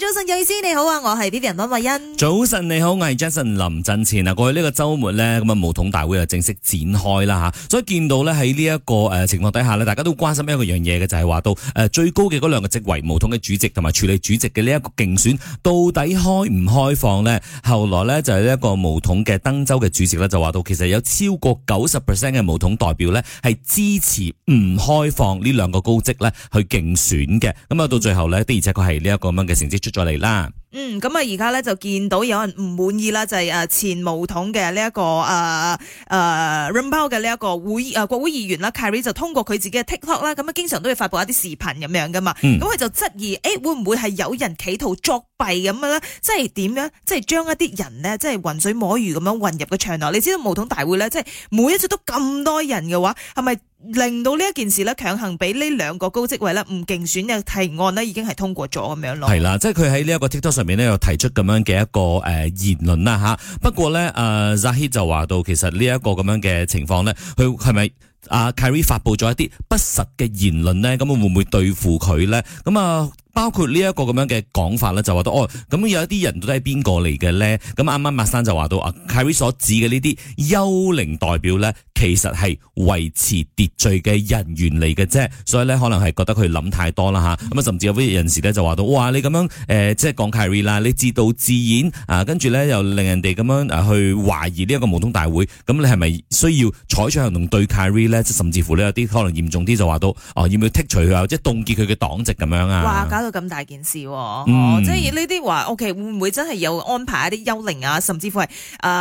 早晨，睿思你好啊，我係呢啲人溫慧欣。早晨你好，我係 Jason 林振前啊，過去呢個周末呢，咁啊，巫統大會啊正式展開啦吓。所以見到呢喺呢一個誒情況底下呢，大家都關心一個樣嘢嘅，就係話到誒最高嘅嗰兩個職位，巫統嘅主席同埋處理主席嘅呢一個競選到底開唔開放呢？後來呢，就係呢一個巫統嘅登州嘅主席呢，就話到，其實有超過九十 percent 嘅巫統代表呢，係支持唔開放呢兩個高職呢去競選嘅。咁啊到最後呢，的而且確係呢一個咁樣嘅成績。再嚟啦，嗯，咁啊，而家咧就見到有人唔滿意啦，就係、是、前巫統嘅呢一個誒誒 Rembau 嘅呢一個會誒、呃、國會議員啦 Khairy 就通過佢自己嘅 TikTok 啦，咁啊經常都會發布一啲視頻咁樣噶嘛，咁佢、嗯、就質疑誒、欸、會唔會係有人企圖作弊咁樣咧？即係點樣？即係將一啲人咧，即係渾水摸魚咁樣混入個場內。你知道巫統大會咧，即係每一次都咁多人嘅話，係咪？令到呢一件事咧，強行俾呢兩個高職位咧唔競選嘅提案呢已經係通過咗咁樣咯。係啦，即係佢喺呢一個 TikTok 上面呢又提出咁樣嘅一個誒言論啦吓。不過咧，Zahid 就話到，其實呢一個咁樣嘅情況咧，佢係咪阿 Kyrie 發布咗一啲不實嘅言論呢，咁啊會唔會對付佢咧？咁啊，包括呢一個咁樣嘅講法咧，就話到哦，咁有啲人都剛剛到底係邊個嚟嘅咧？咁啱啱麥生就話到，啊 Kyrie 所指嘅呢啲幽靈代表咧。其實係維持秩序嘅人員嚟嘅啫，所以咧可能係覺得佢諗太多啦嚇，咁啊甚至有啲人士咧就話到：哇，你咁樣誒、呃、即係講 Carrie 啦，你自導自演啊，跟住咧又令人哋咁樣誒去懷疑呢一個無通大會，咁你係咪需要採取行動對 Carrie 咧？即甚至乎呢，有啲可能嚴重啲就話到：哦、啊，要唔要剔除佢啊？即係凍結佢嘅黨籍咁樣啊？哇！搞到咁大件事、啊，哦、嗯啊，即係呢啲話，O.K. 會唔會真係有安排一啲幽靈啊？甚至乎係誒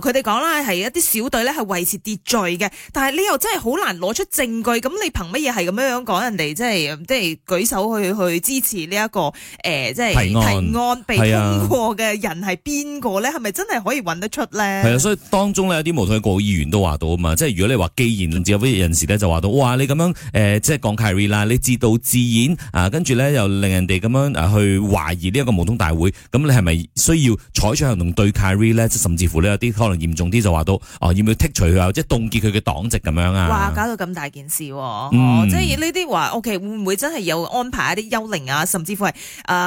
佢哋講啦，係、呃、一啲小隊咧係維持秩序嘅。但係你又真係好難攞出證據，咁你憑乜嘢係咁樣樣講人哋？即係即係舉手去去支持呢、這、一個誒、呃，即係提，案提案被通過嘅人係邊個咧？係咪、啊、真係可以揾得出咧？係啊，所以當中咧有啲巫統嘅國會議員都話到啊嘛，即係如果你話既然有啲人士咧就話到，哇，你咁樣誒、呃、即係講 Khairy 啦，你自導自演啊，跟住咧又令人哋咁樣去懷疑呢一個巫統大會，咁你係咪需要採取行動對 Khairy 咧？甚至乎咧有啲可能嚴重啲就話到，哦、啊，要唔要剔除佢啊？即係凍結佢嘅。港籍咁樣啊，哇！搞到咁大件事，啊、喎、嗯啊。即係呢啲話，O.K. 會唔會真係有安排一啲幽靈啊？甚至乎係誒，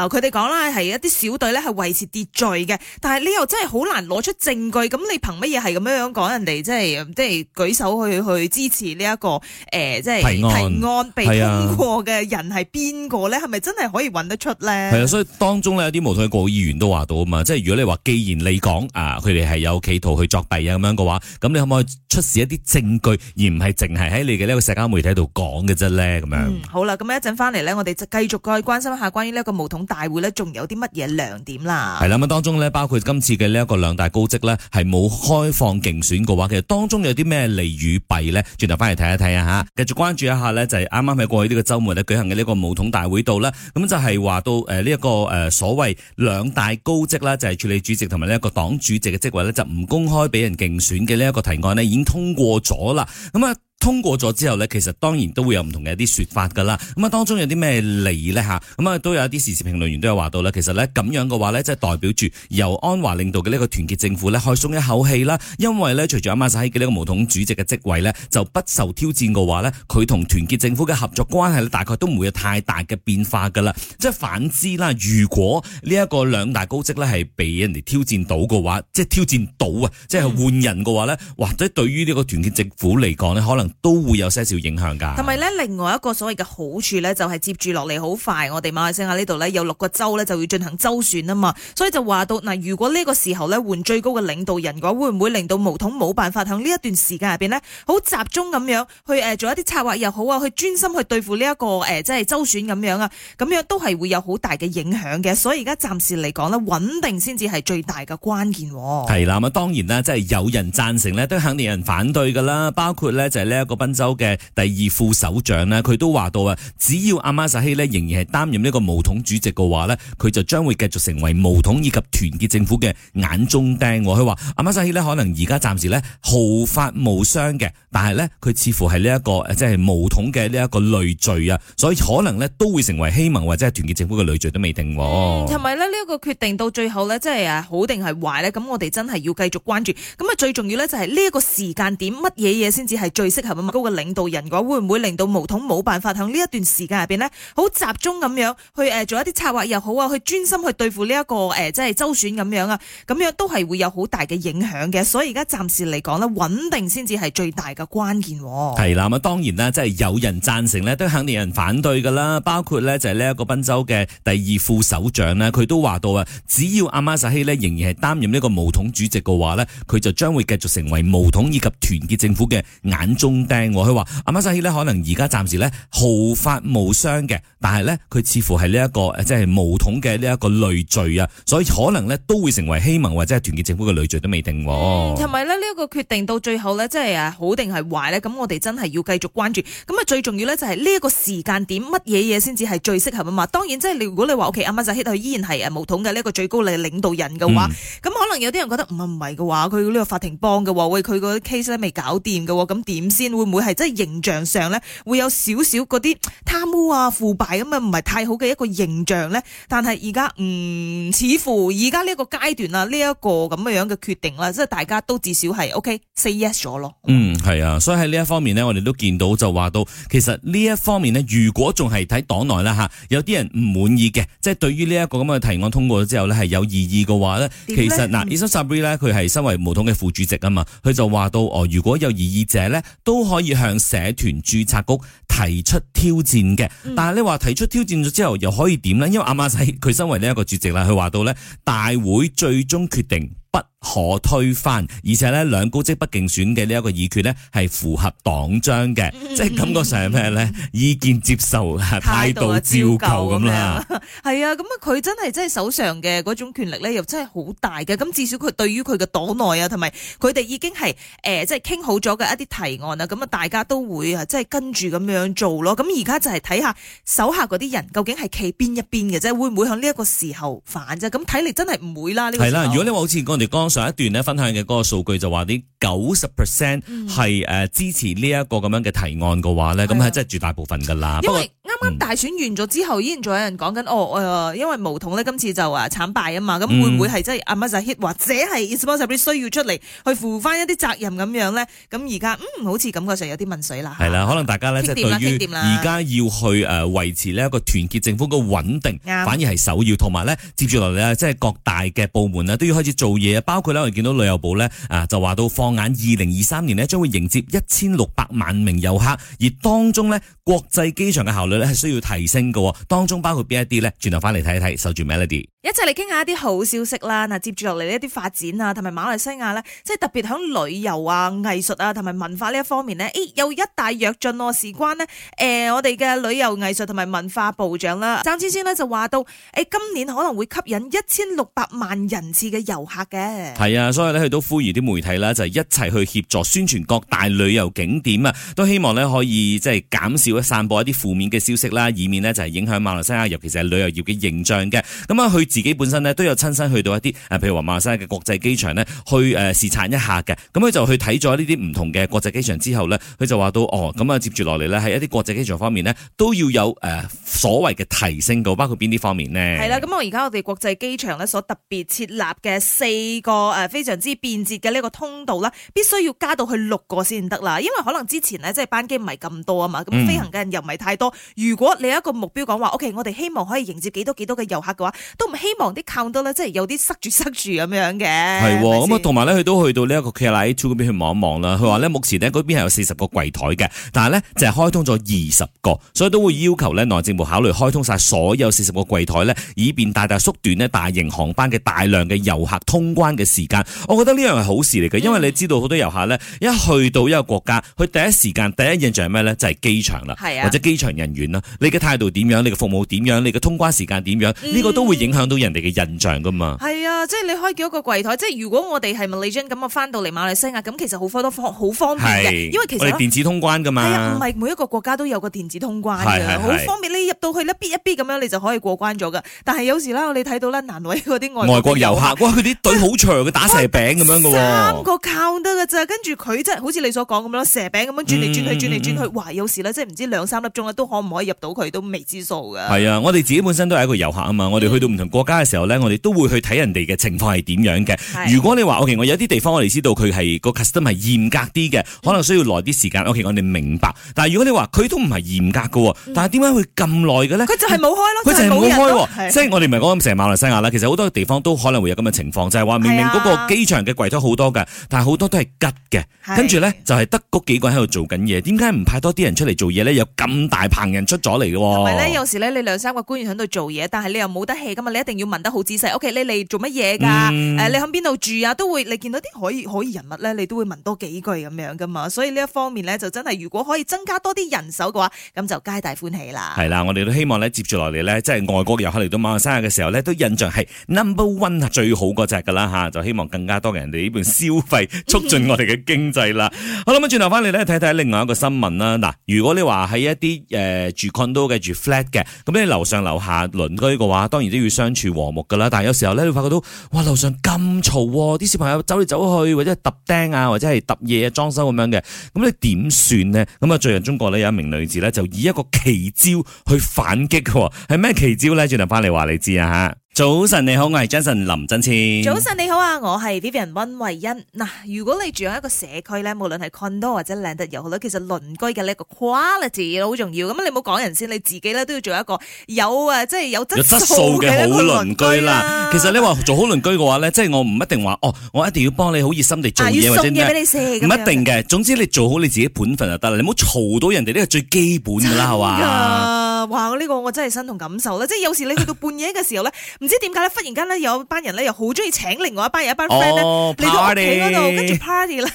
佢哋講啦，係一啲小隊咧係維持秩序嘅，但係你又真係好難攞出證據，咁你憑乜嘢係咁樣樣講人哋？即係即係舉手去去支持呢、這、一個誒、呃，即係提案被通過嘅人係邊個咧？係咪、啊、真係可以揾得出咧？係啊，所以當中呢，有啲無黨派議員都話到啊嘛，即係如果你話既然你講啊，佢哋係有企圖去作弊啊咁樣嘅話，咁你可唔可以出示一啲證？根據而唔係淨係喺你嘅呢個社交媒體度講嘅啫咧，咁樣。嗯，好啦，咁一陣翻嚟呢，我哋就繼續去關心一下關於呢一個巫統大會呢，仲有啲乜嘢亮點啦。係啦，咁當中呢，包括今次嘅呢一個兩大高職呢，係冇開放競選嘅話，其實當中有啲咩利與弊呢？轉頭翻嚟睇一睇啊吓，繼續關注一下呢，就係啱啱喺過去呢個周末咧舉行嘅呢個巫統大會度咧，咁就係、是、話到誒呢一個誒所謂兩大高職啦，就係、是、署理主席同埋呢一個黨主席嘅職位呢，就唔公開俾人競選嘅呢一個提案呢，已經通過咗。好啦，咁啊。通過咗之後呢，其實當然都會有唔同嘅一啲說法噶啦。咁啊，當中有啲咩利呢？吓？咁啊，都有一啲時事評論員都有話到啦。其實呢，咁樣嘅話呢，即係代表住由安華領導嘅呢個團結政府呢，開鬆一口氣啦。因為呢，隨住阿馬薩希嘅呢個巫統主席嘅職位呢，就不受挑戰嘅話呢，佢同團結政府嘅合作關係呢，大概都唔會有太大嘅變化噶啦。即係反之啦，如果呢一個兩大高職呢，係俾人哋挑戰到嘅話，即係挑戰到啊，即係換人嘅話呢，或者、嗯、對於呢個團結政府嚟講呢，可能。都會有些少影響噶，同埋咧另外一個所謂嘅好處咧，就係接住落嚟好快，我哋馬來西亞呢度呢，有六個州呢，就要進行州選啊嘛，所以就話到嗱，如果呢個時候呢，換最高嘅領導人嘅話，會唔會令到巫統冇辦法響呢一段時間入邊呢，好集中咁樣去誒做一啲策劃又好啊，去專心去對付呢一個誒即係州選咁樣啊，咁樣都係會有好大嘅影響嘅，所以而家暫時嚟講呢，穩定先至係最大嘅關鍵。係啦，咁當然啦，即係有人贊成呢，都肯定有人反對噶啦，包括呢就係呢。一個檳州嘅第二副首長呢，佢都話到啊，只要阿馬薩希呢，仍然係擔任呢個巫統主席嘅話呢，佢就將會繼續成為巫統以及團結政府嘅眼中釘。佢話阿馬薩希呢，可能而家暫時呢毫髮無傷嘅，但係呢，佢似乎係呢一個即係巫統嘅呢一個累贅啊，所以可能呢都會成為希盟，或者係團結政府嘅累贅都未定。嗯，同埋呢，呢一個決定到最後呢，即係啊好定係壞呢？咁我哋真係要繼續關注。咁啊最重要呢，就係呢一個時間點乜嘢嘢先至係最適合。咁高嘅領導人嘅話，會唔會令到毛統冇辦法喺呢一段時間入邊呢？好集中咁樣去誒做一啲策劃又好啊，去專心去對付呢、這、一個誒、欸，即係州選咁樣啊，咁樣都係會有好大嘅影響嘅。所以而家暫時嚟講呢，穩定先至係最大嘅關鍵。係啦，咁當然啦，即係有人贊成呢，都肯定有人反對㗎啦。包括呢，就係呢一個賓州嘅第二副首長呢，佢都話到啊，只要阿馬薩希咧仍然係擔任呢個毛統主席嘅話呢，佢就將會繼續成為毛統以及團結政府嘅眼中。佢話阿媽薩希咧，可能而家暫時咧毫髮無傷嘅，但係咧佢似乎係呢一個即係無統嘅呢一個累贅啊，所以可能咧都會成為希盟或者係團結政府嘅累贅都未定。同埋呢，呢一個決定到最後咧，即係好定係壞咧，咁我哋真係要繼續關注。咁啊最重要咧就係呢一個時間點，乜嘢嘢先至係最適合啊嘛？當然，即係如果你話 OK，阿媽薩希佢依然係誒無統嘅呢一個最高嘅領導人嘅話，咁、嗯、可能有啲人覺得唔係唔係嘅話，佢呢個法庭幫嘅，喂佢個 case 未搞掂嘅，咁點會唔會係即係形象上咧會有少少嗰啲貪污啊腐敗咁啊唔係太好嘅一個形象咧？但係而家唔似乎而家呢一個階段啊，呢一個咁嘅樣嘅決定啦，即係大家都至少係 O K say yes 咗咯。嗯，係啊，所以喺呢一方面咧，我哋都見到就話到，其實呢一方面呢，如果仲係睇黨內啦吓，有啲人唔滿意嘅，即係對於呢一個咁嘅提案通過咗之後呢，係有異議嘅話呢。其實嗱 i、呃、s a Subri 咧，佢係身為巫統嘅副主席啊嘛，佢就話到哦，如果有異議者呢。都可以向社團注冊局提出挑戰嘅，但係你話提出挑戰咗之後，又可以點咧？因為阿馬仔佢身為呢一個主席啦，佢話到咧，大會最終決定不。可推翻，而且呢兩高職不競選嘅呢一個議決呢，係符合黨章嘅，嗯、即係感覺上係咩咧？嗯、意見接受態度照舊咁啦。係啊，咁啊，佢真係真係手上嘅嗰種權力咧，又真係好大嘅。咁至少佢對於佢嘅黨內啊，同埋佢哋已經係誒即係傾好咗嘅一啲提案啊，咁啊，大家都會啊，即係跟住咁樣做咯。咁而家就係睇下手下嗰啲人究竟係企邊一邊嘅啫，會唔會喺呢一個時候反啫？咁睇嚟真係唔會啦。係、這、啦、個，如果呢個好似講我哋江。上一段咧分享嘅嗰個數據就話啲九十 percent 係誒支持呢一個咁樣嘅提案嘅話咧，咁係真係絕大部分噶啦。因為啱、嗯、大選完咗之後，依然仲有人講緊哦、呃，因為巫統呢，今次就啊慘敗啊嘛，咁、嗯、會唔會係即係阿 m a h i t 或者係 Responsibility 需要出嚟去負翻一啲責任咁樣咧？咁而家嗯，好似感覺上有啲問水啦。係啦、啊，可能大家咧即係對於而家要去誒維持呢一個團結政府嘅穩定，啊、反而係首要，同埋咧接住落嚟咧，即係各大嘅部門咧都要開始做嘢，包括咧我哋見到旅遊部咧啊，就話到放眼二零二三年呢，將會迎接一千六百萬名遊客，而當中呢，國際機場嘅效率咧。係需要提升嘅，當中包括邊一啲咧？轉頭翻嚟睇一睇，守住 Melody。一齊嚟傾下一啲好消息啦！嗱，接住落嚟呢一啲發展啊，同埋馬來西亞呢，即係特別響旅遊啊、藝術啊同埋文化呢一方面呢，誒、哎，有一大躍進喎。事關呢，誒、呃，我哋嘅旅遊藝術同埋文化部長啦，鄭千千呢就話到，誒、哎，今年可能會吸引一千六百萬人次嘅遊客嘅。係啊，所以呢，佢都呼籲啲媒體啦就一齊去協助宣傳各大旅遊景點啊，都希望呢可以即係減少散播一啲負面嘅消息啦，以免呢就係影響馬來西亞，尤其是係旅遊業嘅形象嘅。咁啊，去。自己本身咧都有親身去到一啲誒，譬如話馬來西亞嘅國際機場咧，去誒視察一下嘅。咁佢就去睇咗呢啲唔同嘅國際機場之後呢，佢就話到哦，咁啊接住落嚟呢，喺一啲國際機場方面呢，都要有誒所謂嘅提升到包括邊啲方面呢？係啦，咁我而家我哋國際機場呢，所特別設立嘅四個誒非常之便捷嘅呢個通道啦，必須要加到去六個先得啦，因為可能之前呢，即係班機唔係咁多啊嘛，咁飛行嘅人又唔係太多。如果你有一個目標講話，嗯，OK，我哋希望可以迎接幾多幾多嘅遊客嘅話，都唔。希望啲坑到咧，即係有啲塞住塞住咁樣嘅。係喎的，咁啊的，同埋咧，佢都去到2看一看呢一個克拉伊村嗰邊去望一望啦。佢話咧，目前咧嗰邊係有四十個櫃台嘅，但係咧就係、是、開通咗二十個，所以都會要求咧內政部考慮開通晒所有四十個櫃台咧，以便大大縮短呢大型航班嘅大量嘅遊客通關嘅時間。我覺得呢樣係好事嚟嘅，因為你知道好多遊客咧、嗯、一去到一個國家，佢第一時間第一印象係咩咧？就係、是、機場啦，是的 或者機場人員啦，你嘅態度點樣？你嘅服務點樣？你嘅通關時間點樣？呢、這個都會影響。到人哋嘅印象噶嘛？係啊，即係你開幾多個櫃台？即係如果我哋係 Malaysian 咁啊，翻到嚟馬來西亞咁，其實好多方好方便嘅，是因為其實我哋電子通關噶嘛。係啊，唔係每一個國家都有個電子通關嘅，好方便你入到去咧，B 一 B 咁樣你就可以過關咗噶。但係有時啦，你睇到啦，難為嗰啲外國外國遊客，哇！佢啲隊好長嘅，哇打蛇餅咁樣嘅，三個靠得嘅咋？跟住佢真係好似你所講咁咯，蛇餅咁樣轉嚟轉去、嗯、轉嚟轉去，哇！有時咧，即係唔知兩三粒鐘都可唔可以入到佢都未知數嘅。係啊，我哋自己本身都係一個遊客啊嘛，我哋去到唔同國家嘅時候咧，我哋都會去睇人哋嘅情況係點樣嘅。是如果你話，OK，我有啲地方我哋知道佢係、那個 custom 係、er、嚴格啲嘅，嗯、可能需要耐啲時間。OK，我哋明白。但係如果你話佢都唔係嚴格噶，嗯、但係點解會咁耐嘅咧？佢就係冇開咯，佢就係冇開。即係我哋唔係講咁成馬來西亞啦，其實好多地方都可能會有咁嘅情況，就係、是、話明明嗰個機場嘅櫃台好多嘅，但係好多都係吉嘅。是跟住咧就係得嗰幾個人喺度做緊嘢，點解唔派多啲人出嚟做嘢咧？有咁大棚人出咗嚟嘅。同埋咧，有時咧你兩三個官員喺度做嘢，但係你又冇得氣噶嘛，你要問得好仔細，OK，你嚟做乜嘢噶？誒，你喺邊度住啊？都會你見到啲可以可以人物咧，你都會問多幾句咁樣噶嘛。所以呢一方面咧，就真係如果可以增加多啲人手嘅話，咁就皆大歡喜啦。係啦，我哋都希望咧，接住落嚟咧，即係外國遊客嚟到馬鞍山嘅時候咧，都印象係 number one 最好嗰隻噶啦吓。就希望更加多嘅人哋呢邊消費，促進我哋嘅經濟啦。好啦，咁轉頭翻嚟咧，睇睇另外一個新聞啦。嗱，如果你話喺一啲誒住 Condo 嘅住 Flat 嘅，咁你樓上樓下鄰居嘅話，當然都要相處。全和睦噶啦，但係有時候咧，你會發覺到哇樓上咁嘈，啲小朋友走嚟走去，或者係揼釘啊，或者係揼嘢啊，裝修咁樣嘅，咁你點算呢？咁啊，最近中國咧有一名女子咧就以一個奇招去反擊嘅，係咩奇招咧？轉頭翻嚟話你知啊吓。早晨你好，我係 Jason 林振千。早晨你好啊，我係 Vivian 溫慧欣。嗱、啊，如果你住喺一個社區咧，無論係困多或者靚得又好，其實鄰居嘅呢一個 quality 好重要。咁啊，你冇講人先，你自己咧都要做一個有啊，即係有質素嘅好鄰居啦。其實你話做好鄰居嘅話咧，即係我唔一定話哦，我一定要幫你好熱心地做嘢，啊，或者俾你咩？唔一定嘅，總之你做好你自己本分就得啦。你唔好嘈到人哋呢個最基本噶啦，係嘛？哇！呢個我真係身同感受啦，即係有時你去到半夜嘅時候咧，唔知點解咧，忽然間咧有班人咧又好中意請另外一班人一班 friend 咧，嚟到屋企嗰度，跟住 party 啦。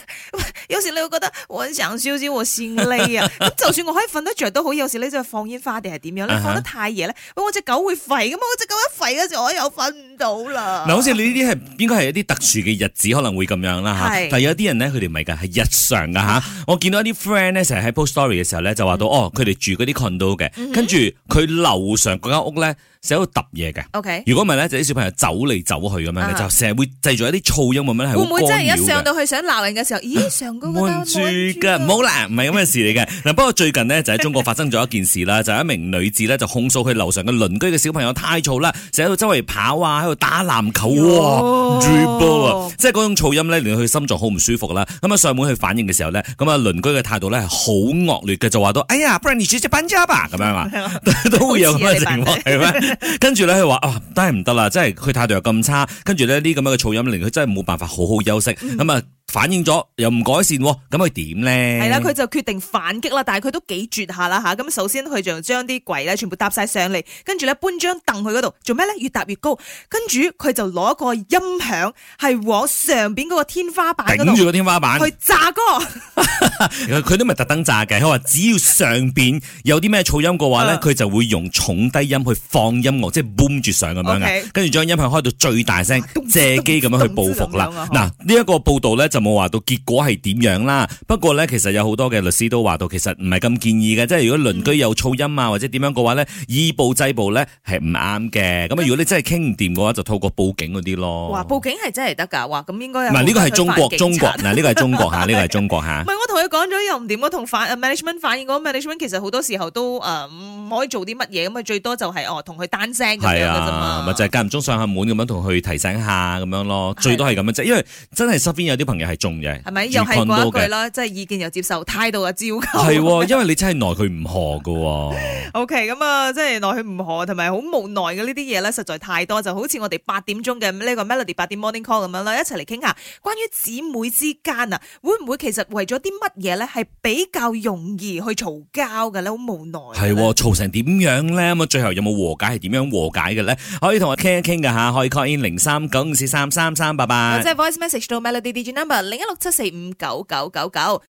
有時你會覺得我想少少我先累啊，咁就算我可以瞓得着都好。有時咧就係放煙花定係點樣咧？放得太夜咧，我隻狗會吠咁啊！我隻狗一吠嗰時我又瞓唔到啦。嗱，好似你呢啲係應該係一啲特殊嘅日子可能會咁樣啦吓。但係有啲人咧佢哋唔係噶，係日常噶吓。我見到一啲 friend 咧成日喺 post story 嘅時候咧就話到哦，佢哋住嗰啲 condo 嘅，跟住。佢樓上嗰間屋咧。成日喺度揼嘢嘅，如果唔係咧，就啲小朋友走嚟走去咁樣就成日會製造一啲噪音咁樣，係會干擾嘅。會唔會真係一上到去想鬧人嘅時候？咦，上高覺得唔會住噶，唔好啦，唔係咁嘅事嚟嘅。嗱，不過最近呢，就喺中國發生咗一件事啦，就係一名女子咧就控訴佢樓上嘅鄰居嘅小朋友太吵啦，成日喺度周圍跑啊，喺度打籃球哇，dribble 啊，即係嗰種噪音咧令到佢心臟好唔舒服啦。咁啊上門去反映嘅時候咧，咁啊鄰居嘅態度咧係好惡劣嘅，就話都，哎呀，不然你直接搬家吧咁樣話，都會有咁嘅情況係咩？跟住咧，佢話啊，真係唔得啦，真係佢態度又咁差，跟住咧呢咁樣嘅噪音令佢真係冇辦法好好休息，咁啊、嗯。嗯反映咗又唔改善，咁佢點咧？係啦，佢就決定反擊啦。但係佢都幾絕下啦吓。咁首先佢就將啲櫃咧全部搭晒上嚟，跟住咧搬張凳去嗰度做咩咧？越搭越高。跟住佢就攞個音響係往上邊嗰個天花板頂住個天花板去 炸個。佢都唔係特登炸嘅。佢話只要上邊有啲咩噪音嘅話咧，佢 就會用重低音去放音樂，即係 boom 住上咁樣嘅。跟住將音響開到最大聲，啊、借機咁樣去報復啦。嗱呢一個報道咧。就冇話到結果係點樣啦。不過咧，其實有好多嘅律師都話到，其實唔係咁建議嘅。即係如果鄰居有噪音啊，或者點樣嘅話咧，以暴制暴咧係唔啱嘅。咁啊，如果你真係傾唔掂嘅話，就透過報警嗰啲咯。哇報警係真係得㗎。哇咁應該唔係呢個係中國中國嗱，呢個係中國吓，呢個係中國吓。唔係我同佢講咗又唔掂啊？同法 management 反映過，management 其實好多時候都誒唔可以做啲乜嘢。咁啊，最多就係哦同佢單聲係啊，咪就係間唔中上下門咁樣同佢提醒下咁樣咯。最多係咁樣啫，因為真係身邊有啲朋友。係中嘅，係咪又係嗰句啦？即係意見又接受，態度又照舊。係，因為你真係奈佢唔何嘅。O K，咁啊，即係奈佢唔何，同埋好無奈嘅呢啲嘢咧，實在太多。就好似我哋八點鐘嘅呢個 Melody 八點 Morning Call 咁樣啦，一齊嚟傾下關於姊妹之間啊，會唔會其實為咗啲乜嘢咧，係比較容易去嘈交嘅咧？好無奈。係嘈成點樣咧？咁啊，最後有冇和解？係點樣和解嘅咧？可以同我傾一傾㗎吓，可以 call in 零三九五四三三三八八，即係 Voice Message Melody D G Number。零一六七四五九九九九。